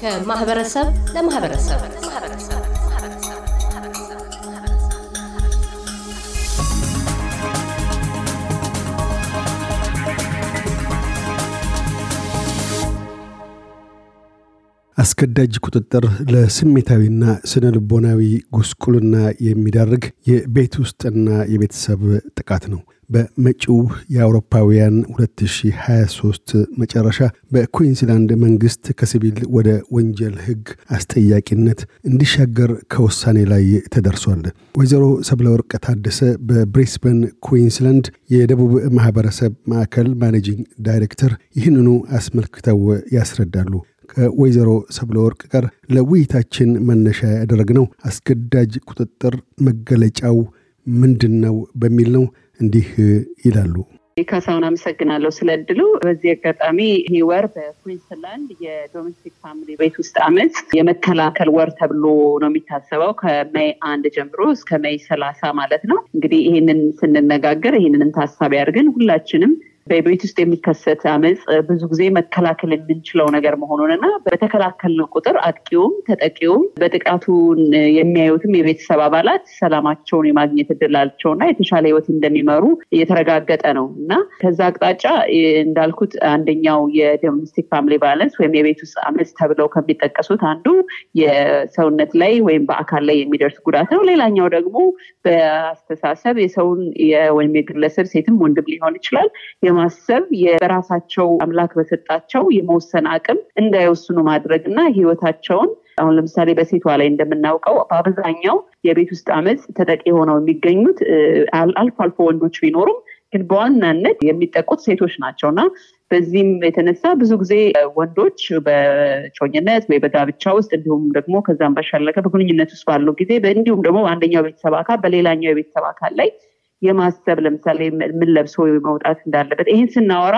ከማህበረሰብ ለማህበረሰብ አስገዳጅ ቁጥጥር ለስሜታዊና ስነ ልቦናዊ ጉስቁልና የሚዳርግ የቤት ውስጥና የቤተሰብ ጥቃት ነው። በመጪው የአውሮፓውያን 2023 መጨረሻ በኩዊንስላንድ መንግስት ከሲቪል ወደ ወንጀል ህግ አስጠያቂነት እንዲሻገር ከውሳኔ ላይ ተደርሷል። ወይዘሮ ሰብለወርቅ ታደሰ በብሪስበን ኩዊንስላንድ የደቡብ ማህበረሰብ ማዕከል ማኔጂንግ ዳይሬክተር ይህንኑ አስመልክተው ያስረዳሉ። ከወይዘሮ ሰብለወርቅ ጋር ለውይይታችን መነሻ ያደረግነው አስገዳጅ ቁጥጥር መገለጫው ምንድን ነው በሚል ነው። እንዲህ ይላሉ። ካሳሁን አመሰግናለሁ ስለ እድሉ። በዚህ አጋጣሚ ይህ ወር በኩንስላንድ የዶሜስቲክ ፋሚሊ ቤት ውስጥ አመፅ የመከላከል ወር ተብሎ ነው የሚታሰበው ከሜይ አንድ ጀምሮ እስከ ሜይ ሰላሳ ማለት ነው። እንግዲህ ይህንን ስንነጋገር ይህንን ታሳቢ አድርገን ሁላችንም በቤት ውስጥ የሚከሰት አመፅ ብዙ ጊዜ መከላከል የምንችለው ነገር መሆኑን እና በተከላከልነው ቁጥር አጥቂውም ተጠቂውም በጥቃቱን የሚያዩትም የቤተሰብ አባላት ሰላማቸውን የማግኘት እድላቸው እና የተሻለ ህይወት እንደሚመሩ እየተረጋገጠ ነው እና ከዛ አቅጣጫ እንዳልኩት አንደኛው የዶሜስቲክ ፋሚሊ ቫለንስ ወይም የቤት ውስጥ አመፅ ተብለው ከሚጠቀሱት አንዱ የሰውነት ላይ ወይም በአካል ላይ የሚደርስ ጉዳት ነው። ሌላኛው ደግሞ በአስተሳሰብ የሰውን ወይም የግለሰብ ሴትም ወንድም ሊሆን ይችላል በማሰብ በራሳቸው አምላክ በሰጣቸው የመወሰን አቅም እንዳይወስኑ ማድረግ እና ህይወታቸውን አሁን ለምሳሌ በሴቷ ላይ እንደምናውቀው በአብዛኛው የቤት ውስጥ አመፅ ተጠቂ ሆነው የሚገኙት አልፎ አልፎ ወንዶች ቢኖሩም ግን በዋናነት የሚጠቁት ሴቶች ናቸው እና በዚህም የተነሳ ብዙ ጊዜ ወንዶች በጮኝነት ወይ በጋብቻ ውስጥ እንዲሁም ደግሞ ከዛም ባሻለቀ በግንኙነት ውስጥ ባለው ጊዜ እንዲሁም ደግሞ በአንደኛው ቤተሰብ አካል በሌላኛው የቤተሰብ አካል ላይ የማሰብ ለምሳሌ ምን ለብሶ መውጣት እንዳለበት ይህን ስናወራ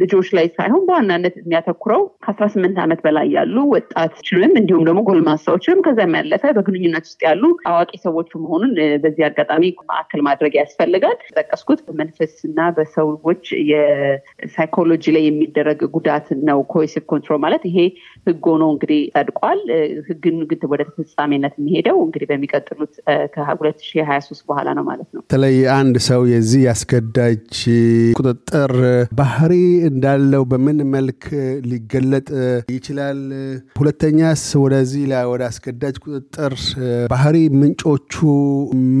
ልጆች ላይ ሳይሆን በዋናነት የሚያተኩረው ከአስራ ስምንት ዓመት በላይ ያሉ ወጣቶችንም እንዲሁም ደግሞ ጎልማሳዎችም ከዚያም ያለፈ በግንኙነት ውስጥ ያሉ አዋቂ ሰዎች መሆኑን በዚህ አጋጣሚ ማዕከል ማድረግ ያስፈልጋል። ጠቀስኩት በመንፈስ እና በሰዎች የሳይኮሎጂ ላይ የሚደረግ ጉዳት ነው። ኮሲቭ ኮንትሮል ማለት ይሄ ህግ ሆኖ እንግዲህ ጸድቋል። ህግን ግን ወደ ተፈጻሚነት የሚሄደው እንግዲህ በሚቀጥሉት ሀያ ሶስት በኋላ ነው ማለት ነው። በተለይ አንድ ሰው የዚህ ያስገዳጅ ቁጥጥር ባህሪ እንዳለው በምን መልክ ሊገለጥ ይችላል? ሁለተኛስ ወደዚህ ወደ አስገዳጅ ቁጥጥር ባህሪ ምንጮቹ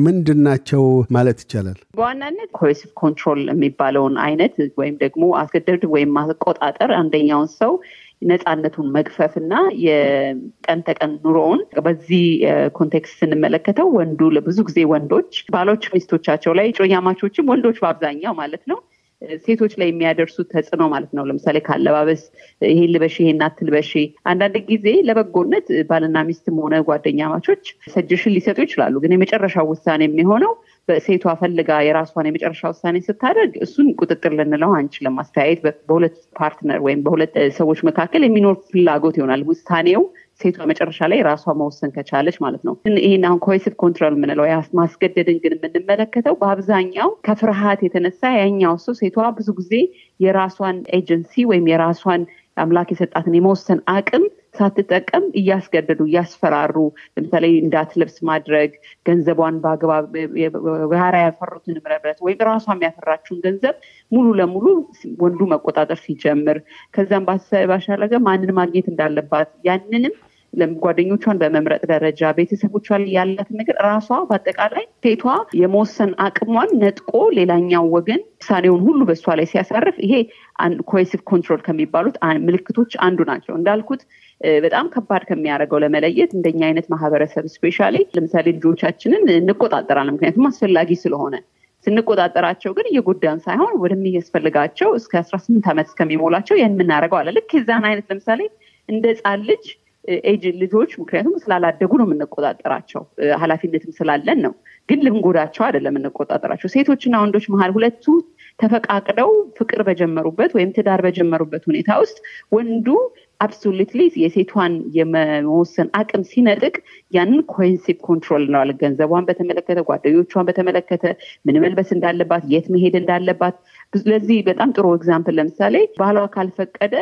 ምንድን ናቸው ማለት ይቻላል? በዋናነት ኮሬሲቭ ኮንትሮል የሚባለውን አይነት ወይም ደግሞ አስገደድ ወይም ማቆጣጠር አንደኛውን ሰው ነፃነቱን መግፈፍ እና የቀን ተቀን ኑሮውን በዚህ ኮንቴክስት ስንመለከተው ወንዱ ለብዙ ጊዜ ወንዶች ባሎች ሚስቶቻቸው ላይ ጮኛማቾችም ወንዶች በአብዛኛው ማለት ነው ሴቶች ላይ የሚያደርሱት ተጽዕኖ ማለት ነው። ለምሳሌ ካለባበስ ይሄ ልበሽ ይሄን አትልበሽ። አንዳንድ ጊዜ ለበጎነት ባልና ሚስትም ሆነ ጓደኛ ማቾች ሰጀሽን ሊሰጡ ይችላሉ። ግን የመጨረሻው ውሳኔ የሚሆነው በሴቷ ፈልጋ የራሷን የመጨረሻ ውሳኔ ስታደርግ እሱን ቁጥጥር ልንለው አንችልም። አስተያየት በሁለት ፓርትነር ወይም በሁለት ሰዎች መካከል የሚኖር ፍላጎት ይሆናል ውሳኔው ሴቷ መጨረሻ ላይ ራሷ መወሰን ከቻለች ማለት ነው። ይህን አሁን ኮሲቭ ኮንትሮል የምንለው ማስገደድን ግን የምንመለከተው በአብዛኛው ከፍርሃት የተነሳ ያኛው ሰው ሴቷ ብዙ ጊዜ የራሷን ኤጀንሲ ወይም የራሷን አምላክ የሰጣትን የመወሰን አቅም ሳትጠቀም እያስገደዱ እያስፈራሩ ለምሳሌ እንዳትለብስ ማድረግ ገንዘቧን በአግባብ ጋራ ያፈሩትን ንብረት ወይም ራሷ የሚያፈራችውን ገንዘብ ሙሉ ለሙሉ ወንዱ መቆጣጠር ሲጀምር ከዚም ባሻለገ ማንን ማግኘት እንዳለባት ያንንም ጓደኞቿን በመምረጥ ደረጃ ቤተሰቦቿ ላይ ያላትን ነገር ራሷ በአጠቃላይ ሴቷ የመወሰን አቅሟን ነጥቆ ሌላኛው ወገን ውሳኔውን ሁሉ በእሷ ላይ ሲያሳርፍ ይሄ ኮሄሲቭ ኮንትሮል ከሚባሉት ምልክቶች አንዱ ናቸው። እንዳልኩት በጣም ከባድ ከሚያደርገው ለመለየት እንደኛ አይነት ማህበረሰብ ስፔሻሊ ለምሳሌ ልጆቻችንን እንቆጣጠራለን። ምክንያቱም አስፈላጊ ስለሆነ ስንቆጣጠራቸው ግን እየጎዳን ሳይሆን ወደሚያስፈልጋቸው እስከ አስራ ስምንት ዓመት እስከሚሞላቸው ይህን የምናደርገው አለ። ልክ የዛን አይነት ለምሳሌ እንደ ህፃን ልጅ ኤጅ ልጆች ምክንያቱም ስላላደጉ ነው የምንቆጣጠራቸው ኃላፊነትም ስላለን ነው። ግን ልንጎዳቸው አይደለም የምንቆጣጠራቸው። ሴቶችና ወንዶች መሀል ሁለቱ ተፈቃቅደው ፍቅር በጀመሩበት ወይም ትዳር በጀመሩበት ሁኔታ ውስጥ ወንዱ አብሶሉትሊ የሴቷን የመወሰን አቅም ሲነጥቅ ያንን ኮንሴፕት ኮንትሮል ነዋል ገንዘቧን በተመለከተ፣ ጓደኞቿን በተመለከተ፣ ምን መልበስ እንዳለባት፣ የት መሄድ እንዳለባት። ለዚህ በጣም ጥሩ ኤግዛምፕል ለምሳሌ ባህሏ ካልፈቀደ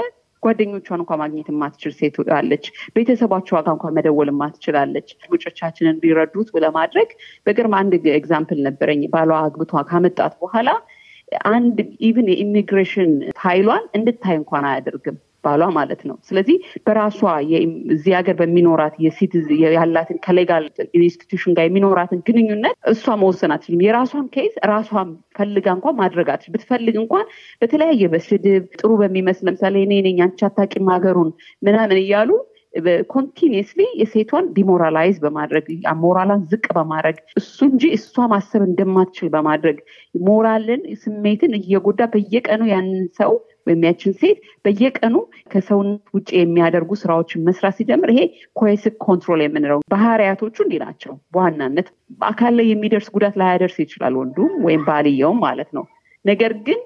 ጓደኞቿን እንኳ ማግኘት የማትችል ሴት አለች። ቤተሰባቸው ጋር እንኳ መደወል የማትችላለች። ልጆቻችንን እንዲረዱት ለማድረግ በቅርብ አንድ ኤግዛምፕል ነበረኝ። ባሏ አግብቷ ካመጣት በኋላ አንድ ኢቭን የኢሚግሬሽን ኃይሏን እንድታይ እንኳን አያደርግም። ባሏ ማለት ነው። ስለዚህ በራሷ እዚህ ሀገር በሚኖራት የሲት ያላትን ከሌጋል ኢንስቲቱሽን ጋር የሚኖራትን ግንኙነት እሷ መወሰን አትችልም። የራሷን ኬዝ ራሷን ፈልጋ እንኳን ማድረግ አትችል። ብትፈልግ እንኳን በተለያየ በስድብ ጥሩ በሚመስል ለምሳሌ እኔ ነኝ አንቺ አታውቂም ሀገሩን ምናምን እያሉ ኮንቲኒስሊ የሴቷን ዲሞራላይዝ በማድረግ ሞራላን ዝቅ በማድረግ እሱ እንጂ እሷ ማሰብ እንደማትችል በማድረግ ሞራልን፣ ስሜትን እየጎዳ በየቀኑ ያንን ሰው ወይም ያችን ሴት በየቀኑ ከሰውነት ውጭ የሚያደርጉ ስራዎችን መስራት ሲጀምር ይሄ ኮሲቭ ኮንትሮል የምንለው ባህሪያቶቹ እንዲህ ናቸው። በዋናነት በአካል ላይ የሚደርስ ጉዳት ላያደርስ ይችላል ወንዱም ወይም ባልየውም ማለት ነው። ነገር ግን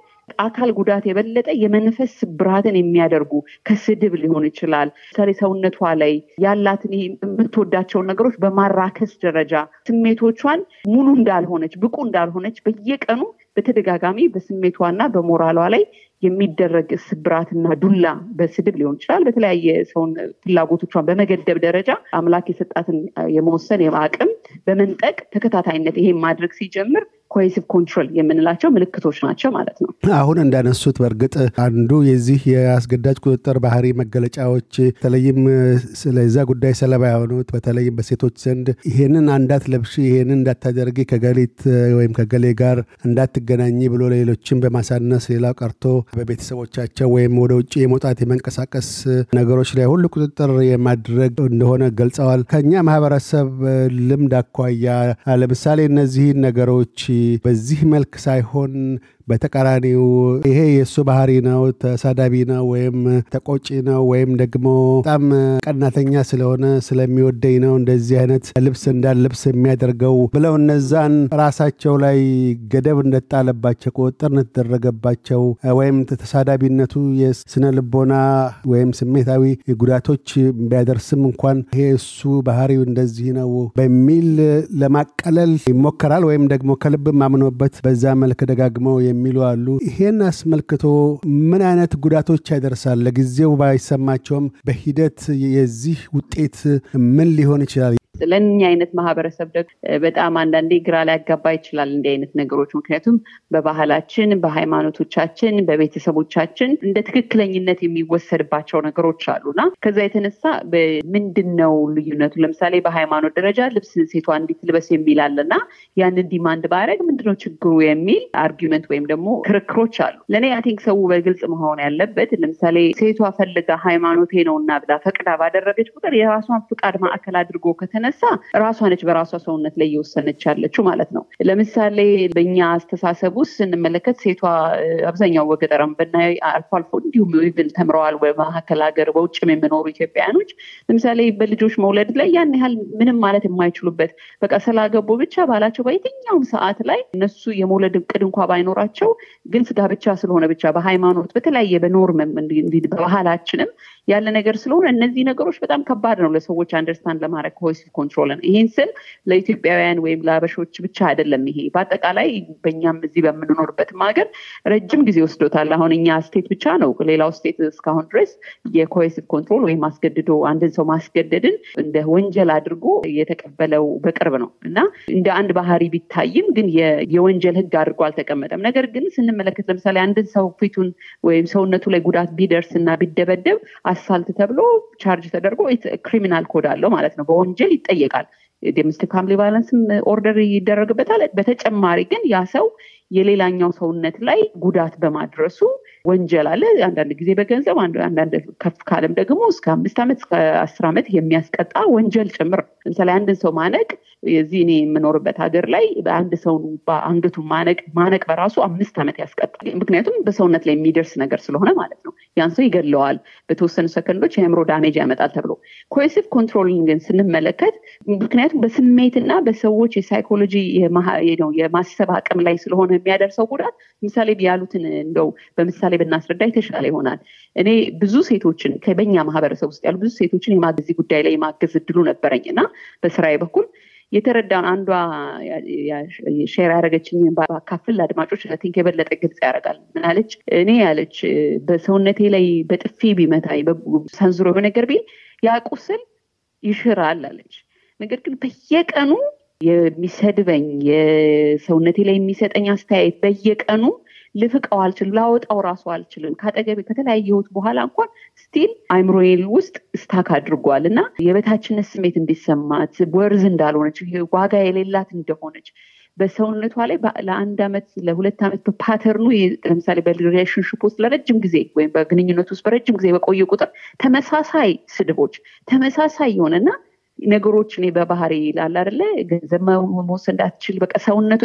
አካል ጉዳት የበለጠ የመንፈስ ስብራትን የሚያደርጉ ከስድብ ሊሆን ይችላል። ሰሪ ሰውነቷ ላይ ያላትን የምትወዳቸውን ነገሮች በማራከስ ደረጃ ስሜቶቿን ሙሉ እንዳልሆነች ብቁ እንዳልሆነች በየቀኑ በተደጋጋሚ በስሜቷና በሞራሏ ላይ የሚደረግ ስብራትና ዱላ በስድብ ሊሆን ይችላል። በተለያየ ሰውን ፍላጎቶቿን በመገደብ ደረጃ አምላክ የሰጣትን የመወሰን አቅም በመንጠቅ ተከታታይነት ይሄ ማድረግ ሲጀምር ኮሄሲቭ ኮንትሮል የምንላቸው ምልክቶች ናቸው ማለት ነው። አሁን እንዳነሱት በእርግጥ አንዱ የዚህ የአስገዳጅ ቁጥጥር ባህሪ መገለጫዎች በተለይም ስለዛ ጉዳይ ሰለባ የሆኑት በተለይም በሴቶች ዘንድ ይሄንን አንዳት ለብሽ ይሄንን እንዳታደርጊ ከገሊት ወይም ከገሌ ጋር እንዳትገናኝ ብሎ ሌሎችን በማሳነስ ሌላው ቀርቶ በቤተሰቦቻቸው ወይም ወደ ውጭ የመውጣት የመንቀሳቀስ ነገሮች ላይ ሁሉ ቁጥጥር የማድረግ እንደሆነ ገልጸዋል። ከኛ ማህበረሰብ ልምድ አኳያ ለምሳሌ እነዚህን ነገሮች በዚህ መልክ ሳይሆን በተቃራኒው ይሄ የእሱ ባህሪ ነው፣ ተሳዳቢ ነው ወይም ተቆጪ ነው ወይም ደግሞ በጣም ቀናተኛ ስለሆነ ስለሚወደኝ ነው እንደዚህ አይነት ልብስ እንዳል ልብስ የሚያደርገው ብለው እነዛን ራሳቸው ላይ ገደብ እንደጣለባቸው ቁጥጥር እንደተደረገባቸው ወይም ተሳዳቢነቱ የስነ ልቦና ወይም ስሜታዊ ጉዳቶች ቢያደርስም እንኳን ይሄ እሱ ባህሪው እንደዚህ ነው በሚል ለማቀለል ይሞከራል ወይም ደግሞ ከልብ ማምኖበት በዛ መልክ ደጋግመው የሚሉ አሉ። ይሄን አስመልክቶ ምን አይነት ጉዳቶች ያደርሳል? ለጊዜው ባይሰማቸውም በሂደት የዚህ ውጤት ምን ሊሆን ይችላል? ለእኛ አይነት ማህበረሰብ ደግሞ በጣም አንዳንዴ ግራ ሊያጋባ ይችላል እንዲህ አይነት ነገሮች። ምክንያቱም በባህላችን፣ በሃይማኖቶቻችን፣ በቤተሰቦቻችን እንደ ትክክለኝነት የሚወሰድባቸው ነገሮች አሉና ከዛ የተነሳ ምንድን ነው ልዩነቱ? ለምሳሌ በሃይማኖት ደረጃ ልብስ ሴቷ እንዲት ልበስ የሚል አለና ያንን ዲማንድ ባረግ ምንድነው ችግሩ የሚል አርጊመንት ወይም ደግሞ ክርክሮች አሉ። ለእኔ አይ ቲንክ ሰው በግልጽ መሆን ያለበት ለምሳሌ ሴቷ ፈልጋ ሃይማኖቴ ነው እና ብላ ፈቅዳ ባደረገች ቁጥር የራሷን ፍቃድ ማዕከል አድርጎ ከተነ የተነሳ ራሷ ነች በራሷ ሰውነት ላይ እየወሰነች ያለችው ማለት ነው። ለምሳሌ በእኛ አስተሳሰብ ውስጥ ስንመለከት ሴቷ አብዛኛው ወገጠረም ብናይ አልፎ አልፎ እንዲሁም ብን ተምረዋል በመካከል ሀገር በውጭም የሚኖሩ ኢትዮጵያውያኖች ለምሳሌ በልጆች መውለድ ላይ ያን ያህል ምንም ማለት የማይችሉበት በቃ ስላገቡ ብቻ ባላቸው በየትኛውም ሰዓት ላይ እነሱ የመውለድ እቅድ እንኳ ባይኖራቸው ግን ስጋ ብቻ ስለሆነ ብቻ በሃይማኖት በተለያየ በኖርምም በባህላችንም ያለ ነገር ስለሆነ እነዚህ ነገሮች በጣም ከባድ ነው ለሰዎች አንደርስታንድ ለማድረግ ቮይስ ኮንትሮልን። ይህን ስል ለኢትዮጵያውያን ወይም ለአበሾች ብቻ አይደለም። ይሄ በአጠቃላይ በእኛም እዚህ በምንኖርበትም ሀገር ረጅም ጊዜ ወስዶታል። አሁን እኛ ስቴት ብቻ ነው፣ ሌላው ስቴት እስካሁን ድረስ የኮሲቭ ኮንትሮል ወይም አስገድዶ አንድን ሰው ማስገደድን እንደ ወንጀል አድርጎ የተቀበለው በቅርብ ነው እና እንደ አንድ ባህሪ ቢታይም ግን የወንጀል ህግ አድርጎ አልተቀመጠም። ነገር ግን ስንመለከት ለምሳሌ አንድን ሰው ፊቱን ወይም ሰውነቱ ላይ ጉዳት ቢደርስ እና ቢደበደብ አሳልት ተብሎ ቻርጅ ተደርጎ ክሪሚናል ኮድ አለው ማለት ነው። በወንጀል ይጠየቃል። ዶሜስቲክ ፋሚሊ ቫዮለንስም ኦርደር ይደረግበታል። በተጨማሪ ግን ያ ሰው የሌላኛው ሰውነት ላይ ጉዳት በማድረሱ ወንጀል አለ። አንዳንድ ጊዜ በገንዘብ አንዳንድ ከፍ ካለም ደግሞ እስከ አምስት ዓመት እስከ አስር ዓመት የሚያስቀጣ ወንጀል ጭምር። ለምሳሌ አንድን ሰው ማነቅ የዚህ እኔ የምኖርበት ሀገር ላይ በአንድ ሰው አንገቱ ማነቅ ማነቅ በራሱ አምስት ዓመት ያስቀጣል። ምክንያቱም በሰውነት ላይ የሚደርስ ነገር ስለሆነ ማለት ነው። ያን ሰው ይገለዋል፣ በተወሰኑ ሰከንዶች የአእምሮ ዳሜጅ ያመጣል ተብሎ ኮሲቭ ኮንትሮሊንግን ስንመለከት ምክንያቱም በስሜትና በሰዎች የሳይኮሎጂ የማሰብ አቅም ላይ ስለሆነ የሚያደርሰው ጉዳት ምሳሌ ያሉትን እንደው በምሳሌ ብናስረዳ የተሻለ ይሆናል። እኔ ብዙ ሴቶችን በኛ ማህበረሰብ ውስጥ ያሉ ብዙ ሴቶችን የማገዝ ጉዳይ ላይ የማገዝ እድሉ ነበረኝ እና በስራዬ በኩል የተረዳውን አንዷ ሼር ያደረገችኝ ባካፍል አድማጮች ለቲንክ የበለጠ ግልጽ ያደርጋል። ምናለች እኔ ያለች በሰውነቴ ላይ በጥፊ ቢመታ ሰንዝሮ በነገር ቢል ያቁስል ይሽራል አለች። ነገር ግን በየቀኑ የሚሰድበኝ የሰውነቴ ላይ የሚሰጠኝ አስተያየት በየቀኑ ልፍቀው አልችልም፣ ላወጣው ራሱ አልችልም። ከአጠገቤ ከተለያየሁት በኋላ እንኳን ስቲል አይምሮዬን ውስጥ ስታክ አድርጓል እና የበታችነት ስሜት እንዲሰማት ወርዝ እንዳልሆነች ዋጋ የሌላት እንደሆነች በሰውነቷ ላይ ለአንድ ዓመት ለሁለት ዓመት በፓተርኑ ለምሳሌ በሪሌሽንሽፕ ውስጥ ለረጅም ጊዜ ወይም በግንኙነት ውስጥ በረጅም ጊዜ በቆየ ቁጥር ተመሳሳይ ስድቦች ተመሳሳይ የሆነና ነገሮች እኔ በባህሪ ይላል አደለ ገንዘብ መሞስ እንዳትችል በቃ ሰውነቱ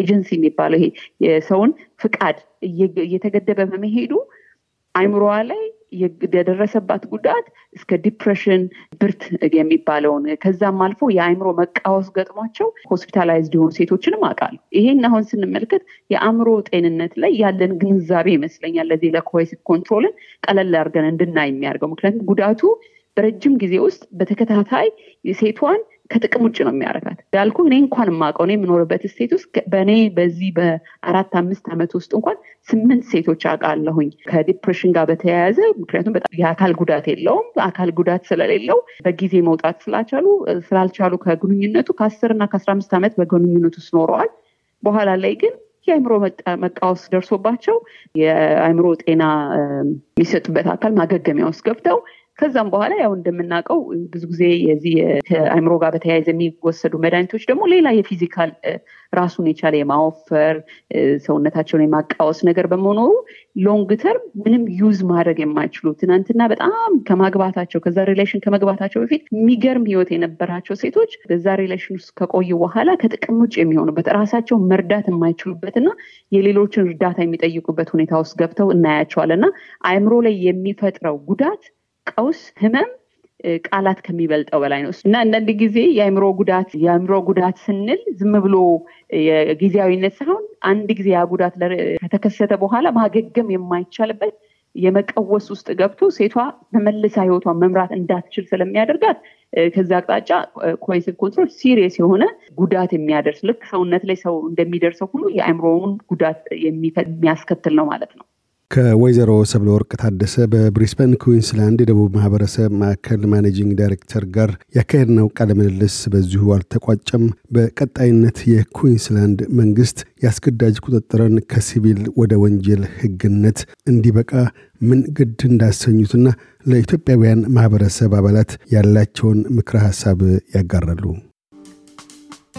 ኤጀንሲ የሚባለው ይሄ የሰውን ፍቃድ እየተገደበ በመሄዱ አይምሮዋ ላይ የደረሰባት ጉዳት እስከ ዲፕሬሽን ብርት የሚባለውን ከዛም አልፎ የአእምሮ መቃወስ ገጥሟቸው ሆስፒታላይዝድ የሆኑ ሴቶችንም አውቃለሁ። ይሄን አሁን ስንመልከት የአእምሮ ጤንነት ላይ ያለን ግንዛቤ ይመስለኛል ለዚህ ለኮይስ ኮንትሮልን ቀለል አድርገን እንድናይ የሚያደርገው ምክንያቱም ጉዳቱ በረጅም ጊዜ ውስጥ በተከታታይ ሴቷን ከጥቅም ውጭ ነው የሚያረጋት። ያልኩ እኔ እንኳን የማውቀው እኔ የምኖርበት ስቴት ውስጥ በእኔ በዚህ በአራት አምስት ዓመት ውስጥ እንኳን ስምንት ሴቶች አውቃለሁኝ ከዲፕሬሽን ጋር በተያያዘ ምክንያቱም በጣም የአካል ጉዳት የለውም። አካል ጉዳት ስለሌለው በጊዜ መውጣት ስላልቻሉ ስላልቻሉ ከግንኙነቱ ከአስር እና ከአስራ አምስት ዓመት በግንኙነት ውስጥ ኖረዋል። በኋላ ላይ ግን የአእምሮ መቃወስ ደርሶባቸው የአእምሮ ጤና የሚሰጡበት አካል ማገገሚያ ውስጥ ገብተው ከዛም በኋላ ያው እንደምናውቀው ብዙ ጊዜ የዚህ አይምሮ ጋር በተያያዘ የሚወሰዱ መድኃኒቶች ደግሞ ሌላ የፊዚካል ራሱን የቻለ የማወፈር ሰውነታቸውን የማቃወስ ነገር በመኖሩ ሎንግ ተርም ምንም ዩዝ ማድረግ የማይችሉ ትናንትና በጣም ከማግባታቸው ከዛ ሪሌሽን ከመግባታቸው በፊት የሚገርም ህይወት የነበራቸው ሴቶች በዛ ሪሌሽን ውስጥ ከቆዩ በኋላ ከጥቅም ውጭ የሚሆኑበት ራሳቸው መርዳት የማይችሉበትና የሌሎችን እርዳታ የሚጠይቁበት ሁኔታ ውስጥ ገብተው እናያቸዋል እና አእምሮ ላይ የሚፈጥረው ጉዳት ቀውስ፣ ህመም ቃላት ከሚበልጠው በላይ ነው እና አንዳንድ ጊዜ የአእምሮ ጉዳት የአእምሮ ጉዳት ስንል ዝም ብሎ የጊዜያዊነት ሳይሆን አንድ ጊዜ ያ ጉዳት ከተከሰተ በኋላ ማገገም የማይቻልበት የመቀወስ ውስጥ ገብቶ ሴቷ ተመልሳ ህይወቷን መምራት እንዳትችል ስለሚያደርጋት ከዚ አቅጣጫ ኮይስን ኮንትሮል ሲሪየስ የሆነ ጉዳት የሚያደርስ ልክ ሰውነት ላይ ሰው እንደሚደርሰው ሁሉ የአእምሮውን ጉዳት የሚያስከትል ነው ማለት ነው። ከወይዘሮ ሰብለ ወርቅ ታደሰ በብሪስበን ኩዊንስላንድ የደቡብ ማህበረሰብ ማዕከል ማኔጂንግ ዳይሬክተር ጋር ያካሄድነው ቃለ ምልልስ በዚሁ አልተቋጨም። በቀጣይነት የኩዊንስላንድ መንግስት የአስገዳጅ ቁጥጥርን ከሲቪል ወደ ወንጀል ህግነት እንዲበቃ ምን ግድ እንዳሰኙትና ለኢትዮጵያውያን ማህበረሰብ አባላት ያላቸውን ምክረ ሀሳብ ያጋራሉ።